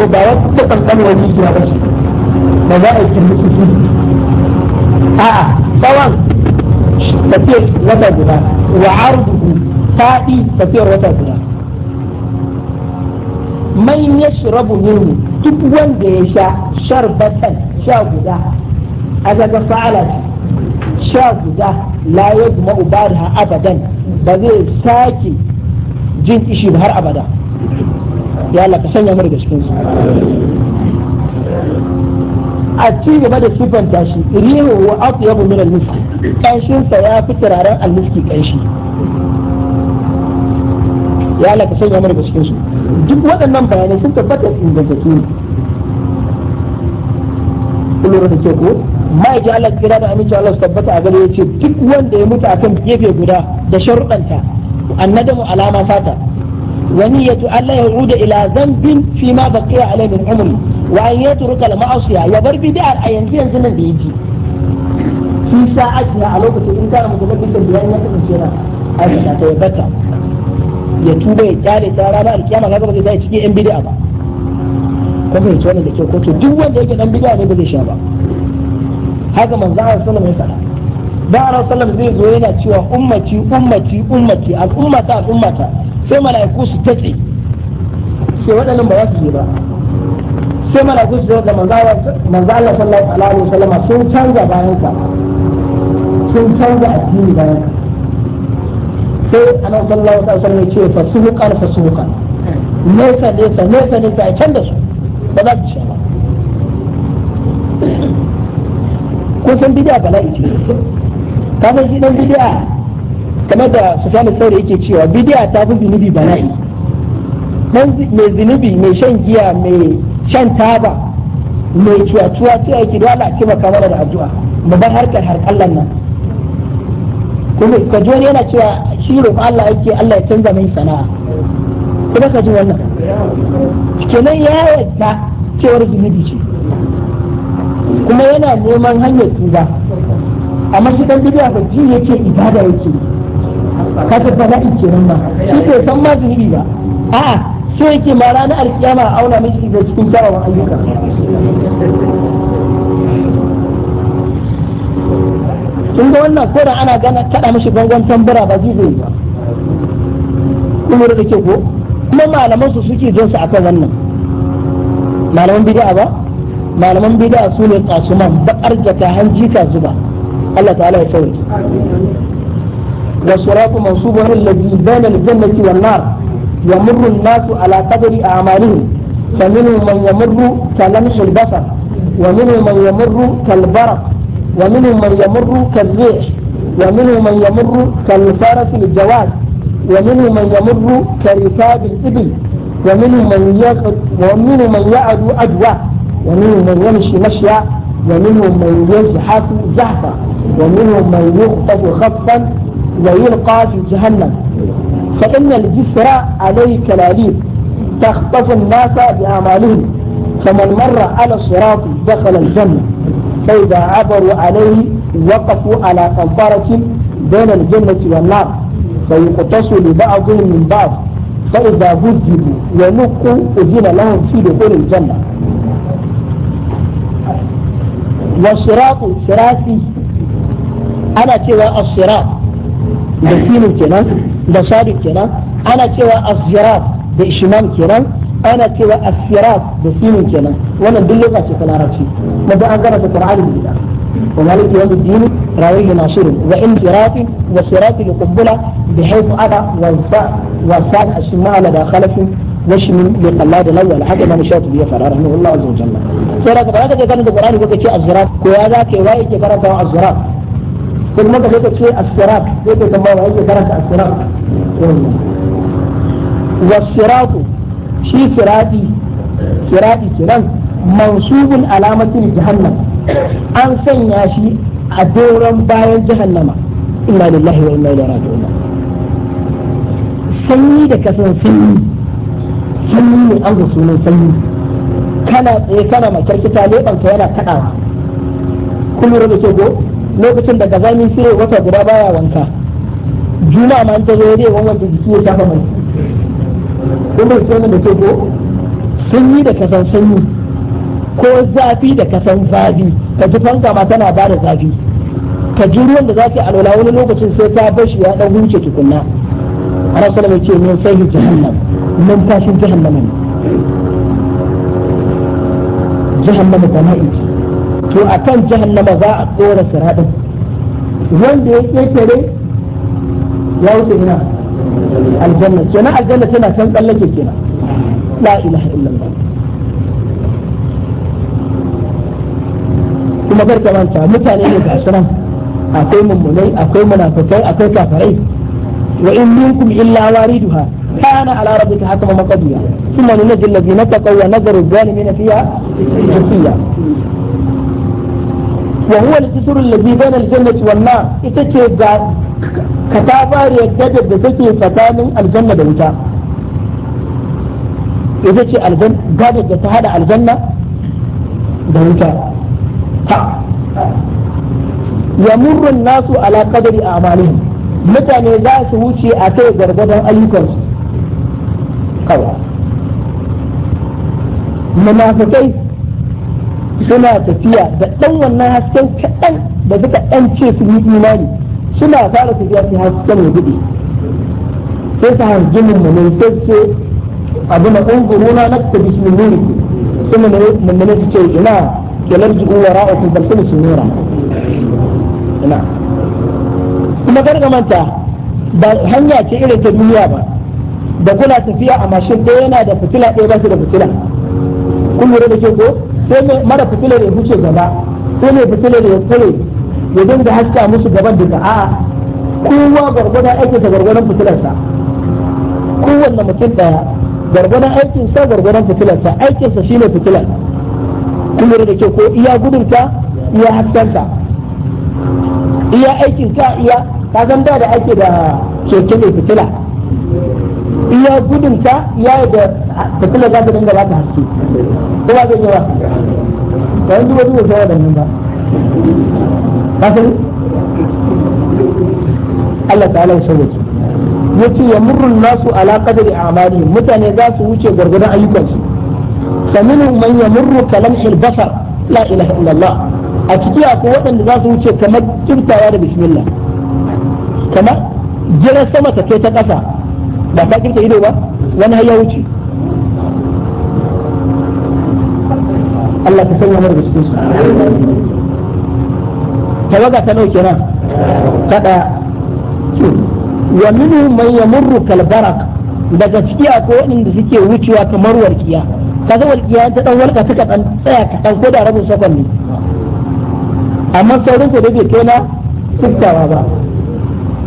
ko ba wasu ta kankan wani ya ba shi ba za a yi kin musu su a'a tsawon tafiyar wata guda wa arduhu faɗi tafiyar wata guda man ya shirabu minhu duk wanda ya sha sharbatan sha guda a daga fa'ala sha guda la ya zuma ha abadan ba zai sake jin ishi har abada ya Allah ka sanya mu daga cikin su a ci gaba da sifanta tashi riyo wa atyabu min al-misk kanshin sa ya fi turaren al-miski kanshi ya Allah ka sanya mu daga cikin su duk waɗannan bayanai sun tabbata ingantattu ne kullum da ke ko ma'aikin Allah kira da aminci Allah su tabbata a gare ya ce duk wanda ya mutu akan gefe guda da sharuɗanta annadamu alama fata ونية ألا يعود إلى ذنب فيما بقي عليه من عمره وأن يترك المعصية يبر بدار أين في زمن بيجي في ساعة ما علوك إن كان متمكن من بيان يتم السيرة أبدا تيبتا يتوب يتالي تارانا الكيامة لا تبقى إذا يتجي إن بدأ كما يتوانا لكي يقول دوان ذلك إن بدأ من بدأ شابا هذا من زعر صلى الله عليه وسلم دعا صلى الله عليه وسلم أمتي أمتي أمتي الأمة أمتي sai mala'iku su tatse sai waɗannan ba za su je ba sai mala'iku su zo ga manzo Allah sallallahu alaihi wasallam sun canza bayan ka sun canza addini bayan ka sai annabi sallallahu alaihi wasallam ya ce su fasuhuqan nesa nesa nesa nesa a can canza su ba za su sha ba kun san bid'a bala'i ce ka san shi dan bid'a kamar da sufyan sauri yake cewa bidiya ta fi zunubi bala'i dan mai zunubi mai shan giya mai shan taba mai cuwa-cuwa sai ake dole a taimaka mana da addu'a mu bar harkar harkallan nan kuma ka ji wani yana cewa shi roƙon Allah yake Allah ya canza mai sana'a kuma ka ji wannan kenan ya yadda cewar zunubi ce kuma yana neman hanyar tuba amma shi dan bidiya ba ji yake ibada yake yi Ka ta kasar bala'i nan ba shi bai san ma zunubi ba a'a so yake ma ranar alkiyama a auna mishi da cikin kyawawan ayyuka kin ga wannan ko da ana gana kada mishi gangan tambura ba zai zai ba kuma da ke ko kuma malaman su suke jinsu akan wannan malaman bid'a ba malaman bid'a su ne kasuman bakar jaka hanji ka zuba Allah ta'ala ya sauke والصراط منصوب الذي بين الجنة والنار يمر الناس على قدر أعمالهم فمنهم من يمر كلمح البصر ومنهم من يمر كالبرق ومنهم من يمر كالريح ومنهم من يمر كالفارس الجواد ومنهم من يمر كركاب الإبل ومنهم من يقعد ومنهم من يعد أجوى ومنهم من يمشي مشيا ومنهم من يزحف زحفا ومنهم من يخطف خطفا ويلقى في جهنم فإن الجسر عليه كلاليب تخطف الناس بأعمالهم فمن مر على الصراط دخل الجنة فإذا عبروا عليه وقفوا على قنطرة بين الجنة والنار فيقتص لبعضهم من بعض فإذا بذلوا ونقوا أذن لهم في دخول الجنة والصراط صراطي أنا كذا الصراط da sinin kenan da sharik kenan ana cewa asjirat da ishimam kenan ana cewa asirat da sinin kenan wannan duk lokaci ce ta larabci maza an gana ta qur'ani da ita wa maliki yawm din din rawihi nasirun wa in jirafin wa sirati bi bihaythu ada wa sa wa sa ashma ala da khalafin وشم لقلاد الاول حتى ما مشات بيه فرار رحمه الله عز وجل سورة كبرات كي كانت القرآن يقول كي الزراف كي هذا كي واي كي كانت الزراف ko kuma ka ce as-sirat sai ka tambaya wai ka karanta as-sirat was-sirat shi sirati sirati kenan mansubun alamatin jahannam an sanya shi a doron bayan jahannama inna lillahi wa inna ilaihi raji'un sanyi da kasan sanyi sanyi ne an ga sunan sanyi kana tsaye kana makarkita leɓanka yana kaɗawa kuma da ke go lokacin da gazanin shi wata guda baya wanka juma ma ta zo dai wani wanda jiki ya shafa mai kuma sai da ke ko sunyi da kasan sunyi ko zafi da kasan zafi ka ji fanka ma tana ba da zafi ka ji ruwan da zaki alwala wani lokacin sai ta bashi ya dan huce tukunna da mai ce min sai jahannam min tashin jahannam jahannam ta na'iji to a kan jahannama za a tsora siraɗin wanda ya ƙetare ya wuce ina aljanna kenan aljanna tana can tsallake kenan la ilaha illallah kuma bar barka manta mutane ne ga shirin akwai mummunai akwai munafikai akwai kafarai wa in minkum illa wariduha kana ala rabbika hakama maqdiya thumma nunajjil ladina taqaw wa nadharu adh-dhalimina fiha wa huwa al-jisr alladhi bayna al-jannati ita ce ga katabariyar gadar da take tsakanin aljanna da wuta ita ce gadar da ta hada aljanna da wuta ya murrun nasu ala qadari a'malihim mutane za su wuce a kai gargadon ayyukansu kawai suna tafiya da ɗan wannan hasken kaɗan da suka ɗan ce su yi imani suna fara tafiya su hasken ya buɗe sai su harjin mummunan sai ce abu na ƙunguruna na ta bismin ne su mummunan su ce ina kelar uwa ra'a ra'akun balsulu su nura ina kuma kar manta ba hanya ce irin ta duniya ba da kuna tafiya a mashin ɗaya yana da fitila ɗaya ba su da fitila kun lura da ke ko sai mara da ya wuce gaba sai mai da ya tsare ya dinga haska musu gaban duka a'a kowa gwargwadon aikinsa gwargwadon fitilarsa kowanne mutum daya gwargwadon aikinsa gwargwadon fitilarsa aikinsa shine fitilar kuma da ke ko iya gudunka iya haskanta iya aikinka iya ka da da ake da keke mai fitila iya gudunta ya yi da fitila za ta dinga ba ta haske ko ba zai yi ba yanzu ba duba shawar da nan ba ba san Allah ta'ala ya shawar yace ya murrun nasu ala qadri a'mali mutane za su wuce gwargwadon ayyukansu faminu man yamurru kalamhil basar la ilaha illallah a ciki akwai waɗanda za su wuce kamar kirtawa da bismillah kamar jiran sama ta kai ta ƙasa ba ka kirta ido ba wani har ya wuce Allah ta sanya mana da cikin su tawaga ta nauke nan kada wa minhum man yamurru kal barak daga ciki akwai waɗanda suke wucewa kamar walƙiya kaga walƙiya ta dan walƙa ta dan tsaya ka dan koda rabin sakon ne amma saurin ku da bai kai na tsiftawa ba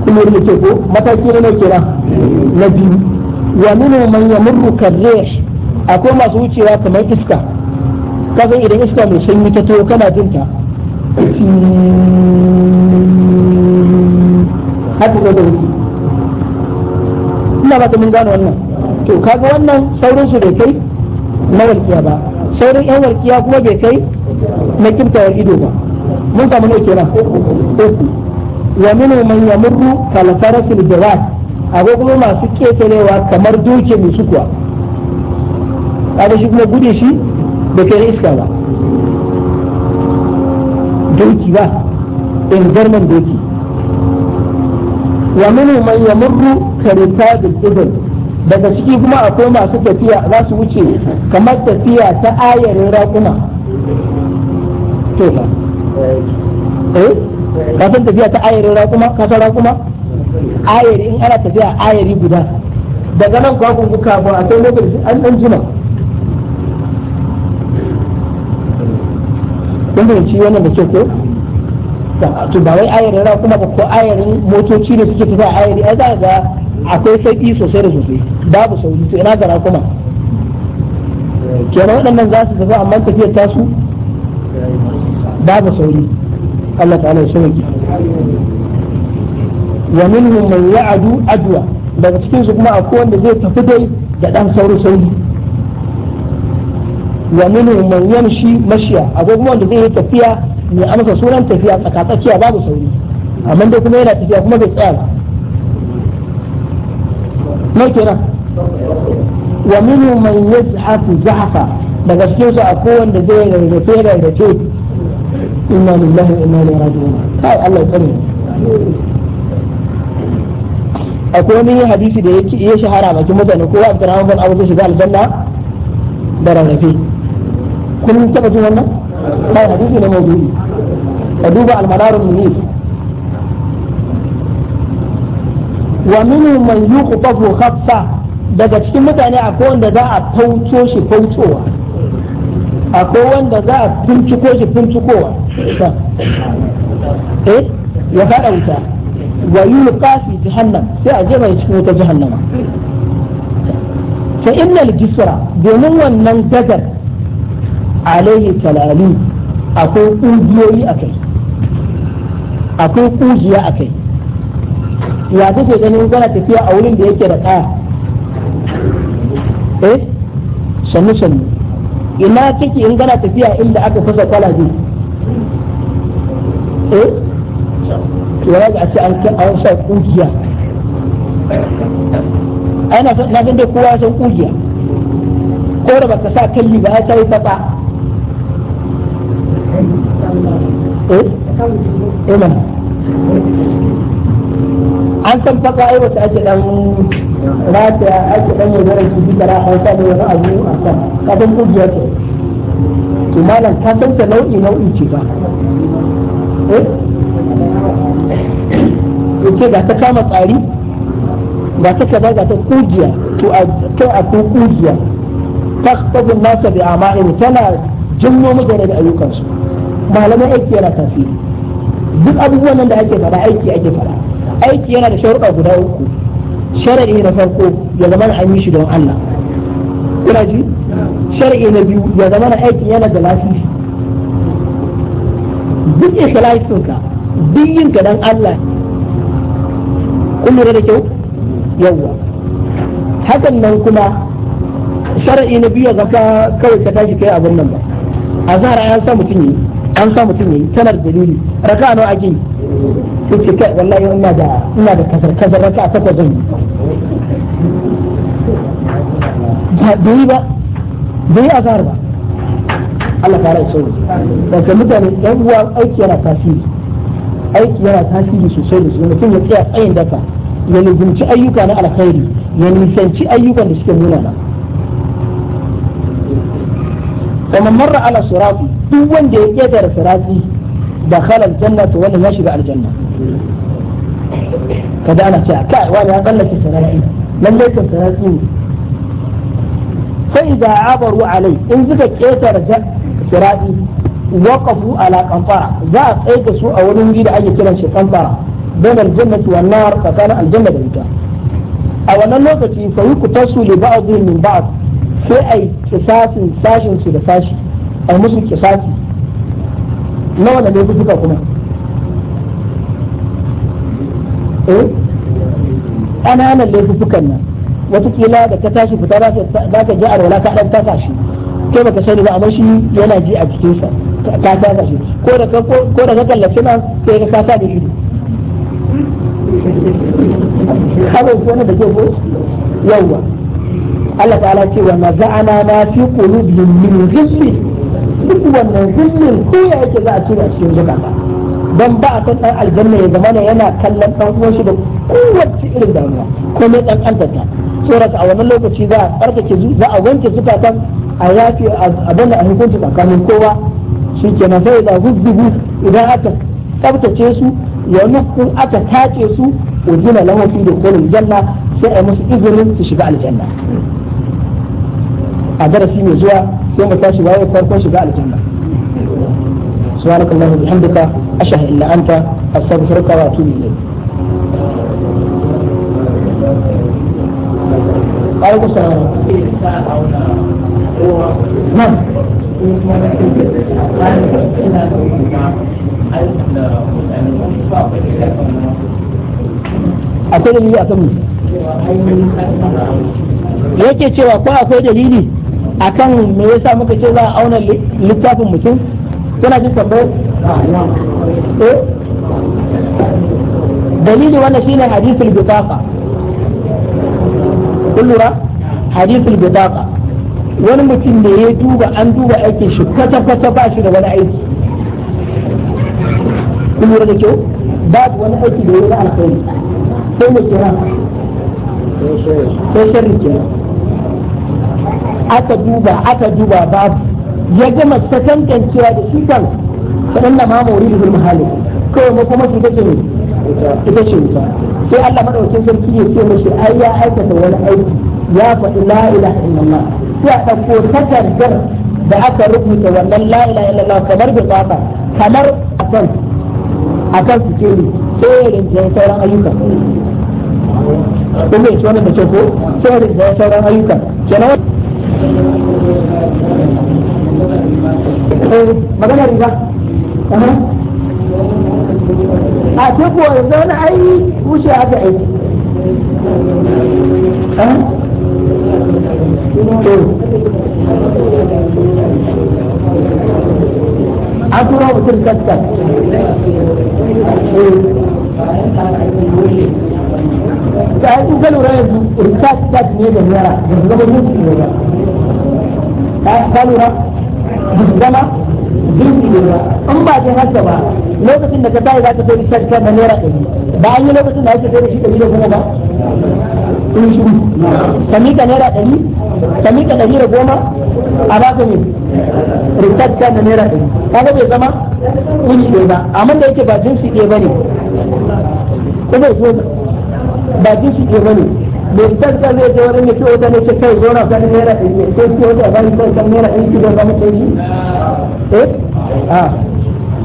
kuma da ke ko mataki ne kenan na biyu wa minu man yamurru karrih akwai masu wucewa kamar iska kasan idan iska mai sanyi ta to kana jin ta haka ne da wuce ina ba ta mun gane wannan to kaga wannan sauran su bai kai na warkiya ba Sauran yan warkiya kuma bai kai na kimtawar ido ba mun samu ne kenan uku wa minu man yamurru kal farasil jawad akwai kuma masu ƙetarewa kamar doke mai sukuwa kaga shi kuma gude shi da kai iska ba doki ba in garman doki wa minu man yamurru karitadul ibn daga ciki kuma akwai masu tafiya za su wuce kamar tafiya ta ayarin raƙuma to fa eh ka san tafiya ta ayarin raƙuma ka san raƙuma ayari in ana tafiya ayari guda daga nan kwa kun kuka ba a sai lokaci an dan jima kun fahimci wannan da ke ko to ba wai ayari ra kuma ba ko ayarin motoci ne suke tafiya ayari ai za ga akwai sauki sosai da sosai babu sauki to ina gara kuma kenan waɗannan za su tafi amma tafiyar tasu babu sauri Allah ta'ala ya shirya wa minhum man ya'adu adwa daga cikin su kuma akwai wanda zai tafi dai da dan sauri sauri wa minhum man yamshi mashiya akwai kuma wanda zai yi tafiya mai amsa sunan tafiya tsaka tsakiya babu sauri amma dai kuma yana tafiya kuma bai tsaya ba mai kenan wa minhum man yazhafu zahafa daga cikin su akwai wanda zai rarrafe rarrafe inna lillahi wa inna ilaihi raji'un kai Allah ya tsare akwai wani hadisi da ya shahara bakin mutane kowa abdurrahman ban abu zai shiga aljanna da rarrafe kun taba jin wannan bai hadisi ne mawdu'i A duba al-madarul munif wa minhu man yuqtafu khaffa daga cikin mutane akwai wanda za a fauco shi faucowa akwai wanda za a finciko shi fincikowa eh ya fada wuta wa yulqa fi jahannam sai a jefa cikin wata jahannama fa innal jisra domin wannan gadar alaihi talalu akwai kungiyoyi kai akwai kungiya kai ya kake ganin gana tafiya a wurin da yake da kaya eh sannu sannu ina kake in gana tafiya inda aka fasa kwalabe eh to ya ga a ce an sa kugiya ana na san dai kowa ya san kugiya ko da baka sa kalli ba ya ta yi fata eh eh an san fata ai wata ake dan rata ake dan yaudarar su duka an sa da wani abu a kan kadan kugiya ce to malam ka san ta nau'i nau'i ce ba eh ya ce ga ta kama tsari ga ta kaza ga ta kujiya to a kai a ko kujiya ta tsabin nasa da ama'in tana janyo mutane da ayyukansu malamai aiki yana tasiri duk abubuwan nan da ake faɗa aiki ake faɗa aiki yana da sharuɗa guda uku sharaɗi na farko ya zama na yi shi don Allah kuna ji sharaɗi na biyu ya zama na aiki yana da lafiya duk ikhlasinka duk yin ka dan Allah kun lura da kyau yawwa hakan nan kuma shar'i na biyu ga kawai ka tashi kai abin nan ba a zara an sa mutum yi an sa mutum yi tana da dalili raka nawa ake yi sai ce kai wallahi ina da ina da kasar kasar raka a takwas zan yi ba yi ba bai yi azhar ba Allah ta rai sauri daga mutane yan uwa aiki yana tasiri aiki yana tasiri sosai da sosai mutum ya tsaya tsayin daka ya nufinci ayyuka na alkhairi ya nisanci ayyukan da suke nuna ba kuma marar ala surafi duk wanda ya ƙeta da surafi da halar janna to wannan ya shiga aljanna kada ana cewa kai wani ya tsallake sirati lallai ka surafi ne sai da abaru alai in suka ƙeta da surafi waqafu ala qantara za a tsaye da su a wurin gida ake kiran shi qantara bain aljannati wan nar tsakanin aljanna da ita a wannan lokaci fa yuqtasu li ba'd min ba'd sai ai kisasin sashin su da sashi a musu kisasi na wanda ne suka kuma eh ƙananan laifukan nan watakila da ka tashi fita za ka ji alwala ka ɗan tasa shi kai baka sani ba amma shi yana ji a cikinsa ka ta da shi ko da ko da ka kallaci nan sai ka kasa da ido kawai ko da ke ko yawa Allah ta'ala ce wa naza'ana ma fi qulubihim min ghilli duk wannan ghillin ko ya yake za a tura cikin zakata dan ba a san dan aljanna ya zama yana kallon dan uwan shi da kowace irin damuwa ko mai dan antata tsorata a wannan lokaci za a tsarkake za a wanke zukatan a yafi abin da a hukunci tsakanin kowa shi ke na sai da hubbu idan aka tsabtace su ya nufin aka tace su ujina lahu da dukhulil janna sai a musu izinin su shiga aljanna a darasi mai zuwa sai mu tashi waye farkon shiga aljanna سبحانك اللهم وبحمدك أشهد إلا أنت أستغفرك وأتوب إليك عليكم السلام akwai dalili a kanmu yake cewa ko akwai dalili a kan me yasa muka ce za a auna littafin mutum kuna jin tambayar eh? dalili wannan shine hadithul bitaqa kullura hadithul bitaqa wani mutum da ya duba an duba aikin shi kwata-kwata ba shi da wani aiki kun lura da kyau babu wani aiki da ya na alkhairi sai mu kira sai sharri kira aka duba aka duba babu ya gama ta tantancewa da shi kan sanan da mamori da zulmuhalin kawai ma kuma shi ta ce ita ce wuta sai Allah madaukakin sarki ya ce mashi ai ya aikata wani aiki ya faɗi la ilaha illallah sai ɗauko takardar da aka rubuta wannan la ilaha illallah kamar da tsafa kamar akan akan su ce ne sai ya sauran ayyuka kun bai wannan da ce ko sai ya sauran ayyuka kenan eh, magana riga a ce ko yanzu wani wuce aka aiki तो अथवा शिरकत तक الاحساس ذات ميدا يرى بالضبط ممكن يرى قال يرى بالضبط ممكن يرى ان بعد هكذا لو كنت انك دايما تقول الشركه مليره باي لو كنت عايز تقول شيء كبير هنا in ka mika naira ɗari ka mika ɗari da goma a ba ka ne rikakka da naira ɗari kaga bai zama kunshi ɗaya ba amma da yake ba jinsi ɗaya ba ne kuma ya ba jinsi ɗaya ba ne bai rikakka zai je wurin ya wata ne ce kai zo na kan naira ɗari ne sai ce wata ba ni kai kan naira ɗari ki zai zama kunshi eh a ah.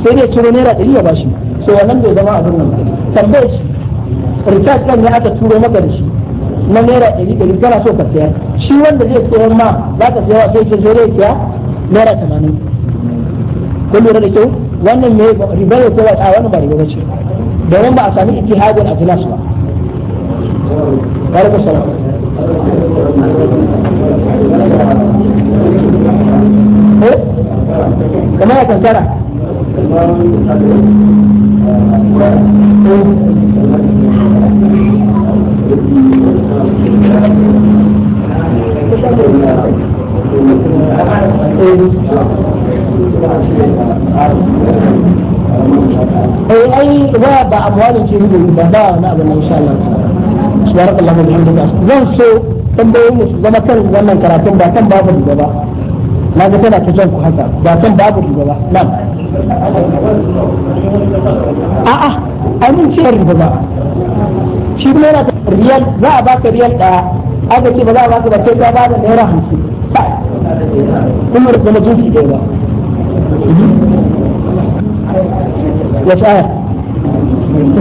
sai dai cire naira ɗari ya ba shi so wannan bai zama abin nan tambayar shi recharge kan ne aka turo maka da shi na naira ɗari ɗari kana so ka sayar shi wanda zai sayar ma za ka sayar sai ce zai zai siya naira tamanin ko lura da kyau wannan ne riba ya kowa a wannan ba riba ba ce domin ba a sami iti hagun a filas ba barka salam eh? kamar ya kankara eh. اي اي باب اموال الجهود باب نعم ان شاء الله سبحانك اللهم وبحمدك زan so tambayoyin mu su zama kan wannan karatun ba kan babu riba ba na ga tana ta jan ku haka ba kan babu riba ba nan a'a amincewar riba ba shi kuma yana riyal za a baka riyal daya aka ce ba za a baka ba sai ka ba da naira hamsin kuma da kuma jinsi ɗaya ba ya shaya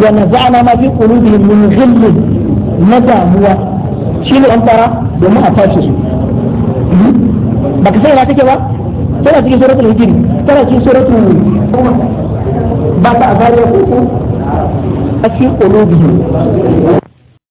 wa naza'na ma fi qulubihim min ghillin na damuwa shi ne an fara domin a tashi su baka sai na take ba tana cikin suratul hijri tana cikin suratul ba ta azariya ko a o ƙulubihim